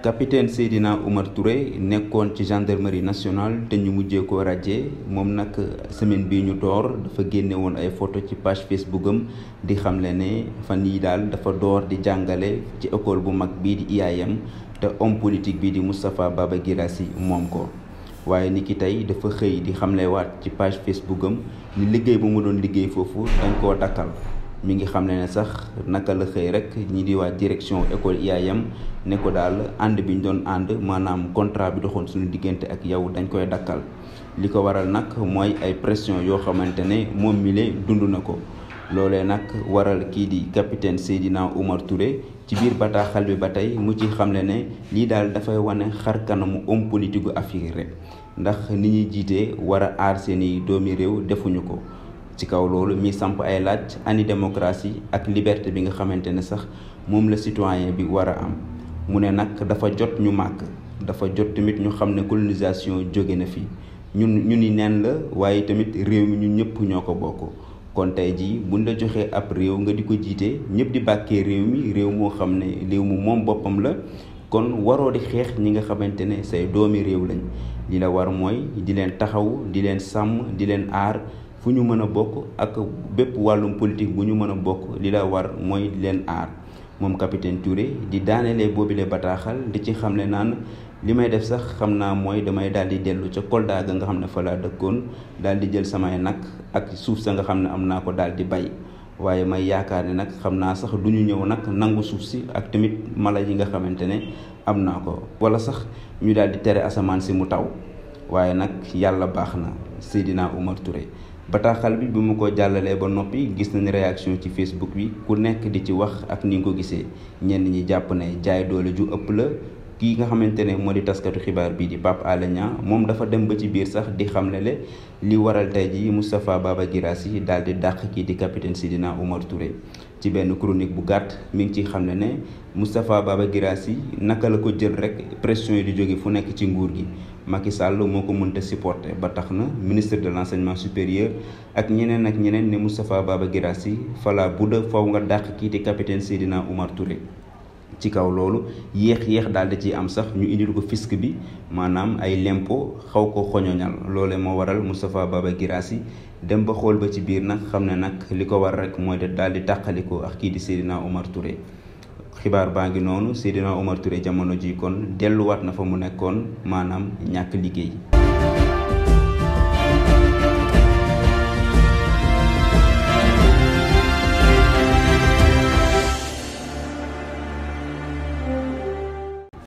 capitaine Seydina Oumar Touré nekkoon ci gendarmerie nationale te ñu mujjee ko raje moom nag semaine bi ñu door dafa génne woon ay photo ci page Facebook am di xamle ne fan yii daal dafa door di jàngale ci école bu mag bii di IAM te homme politique bii di Moustapha Baba Guirassy moom ko. waaye ni ki tey dafa xëy di xamlewaat ci page Facebook am ni liggéey bu mu doon liggéey foofu dañ koo dakkal. mi ngi xam ne ne sax naka la xëy rek ñi di waa direction école IAM ne ko daal ànd bi ñu doon ànd maanaam contrat bi doxoon suñu diggante ak yow dañ koy dakkal li ko waral nag mooy ay pression yoo xamante ne moom mi le dund na ko loolee nag waral kii di capitaine Seydina Oumar Touré ci biir bataaxal bi ba tey mu ci xamle ne lii daal dafay wane xar kanamu homme politique gu Afrique ndax ni ñuy jiitee war a aar seeni doomi réew defuñu ko ci kaw loolu mi samp ay laaj ani démocratie ak liberté bi nga xamante ne sax moom la citoyen bi war a am mu ne nag dafa jot ñu màkk dafa jot tamit ñu xam ne colonisation jóge na fi ñun ñu ni nen la waaye tamit réew mi ñun ñëpp ñoo ko bokk kon tey jii buñ la joxee ab réew nga di ko jiite ñëpp di bàkkee réew mi réew moo xam ne réew mu moom boppam la kon waroo di xeex ñi nga xamante ne say doomi réew lañ li la war mooy di leen taxaw di leen sàmm di leen aar fu ñu mën a bokk ak bépp wàllum politique bu ñu mën a bokk li la war mooy leen aar moom capitaine ture di daanelee boobile bataaxal di ci ne naan li may def sax xam naa mooy damay daal di dellu ca Kolda ga nga xam ne fa laa dëkkoon daal di jël samay nag ak suuf sa nga xam ne am naa ko daal di bay waaye may yaakaar ne nag xam naa sax duñu ñëw nag nangu suuf si ak tamit mala yi nga xamante ne am naa ko wala sax ñu daal di tere asamaan si mu taw waaye nag yàlla baax na Seydina Omar Touré. bataaxal bi bi mu ko jàllalee ba noppi gis nañ réaction ci Facebook bi ku nekk di ci wax ak ni nga ko gisee ñenn ñi jàpp ne jaay doole ju ëpp la kii nga xamante ne moo di taskatu xibaar bii di papp Alé Niang moom dafa dem ba ci biir sax di xamle le li waral tey ji Moustapha Baba Guirassy daal di dàq kii di si Sidina Omar Touré ci benn chronique bu gàtt mi ngi ciy xam ne ne Moustapha Baba Guirassy naka la ko jël rek pression yi di jóge fu nekk ci nguur gi Macky Sall moo ko mënta supporter ba tax na ministre de l'enseignement supérieur ak ñeneen ak ñeneen ne Moustapha Baba Guirassy fala bu da faw nga dàq kii di capitaine Seydina Oumar Touré ci kaw loolu yéex-yéex daal da ciy am sax ñu indil ko fisc bi maanaam ay lempo xaw ko xoñoñal loole moo waral Moustapha Baba Guirassy dem ba xool ba ci biir nag xam ne nag li ko war rek mooy de daal di tàqaliko ak kii di Seydina Omar Touré xibaar baa ngi noonu Seydina Omar Touré jamono ji kon delluwaat na fa mu nekkoon maanaam ñàkk liggéey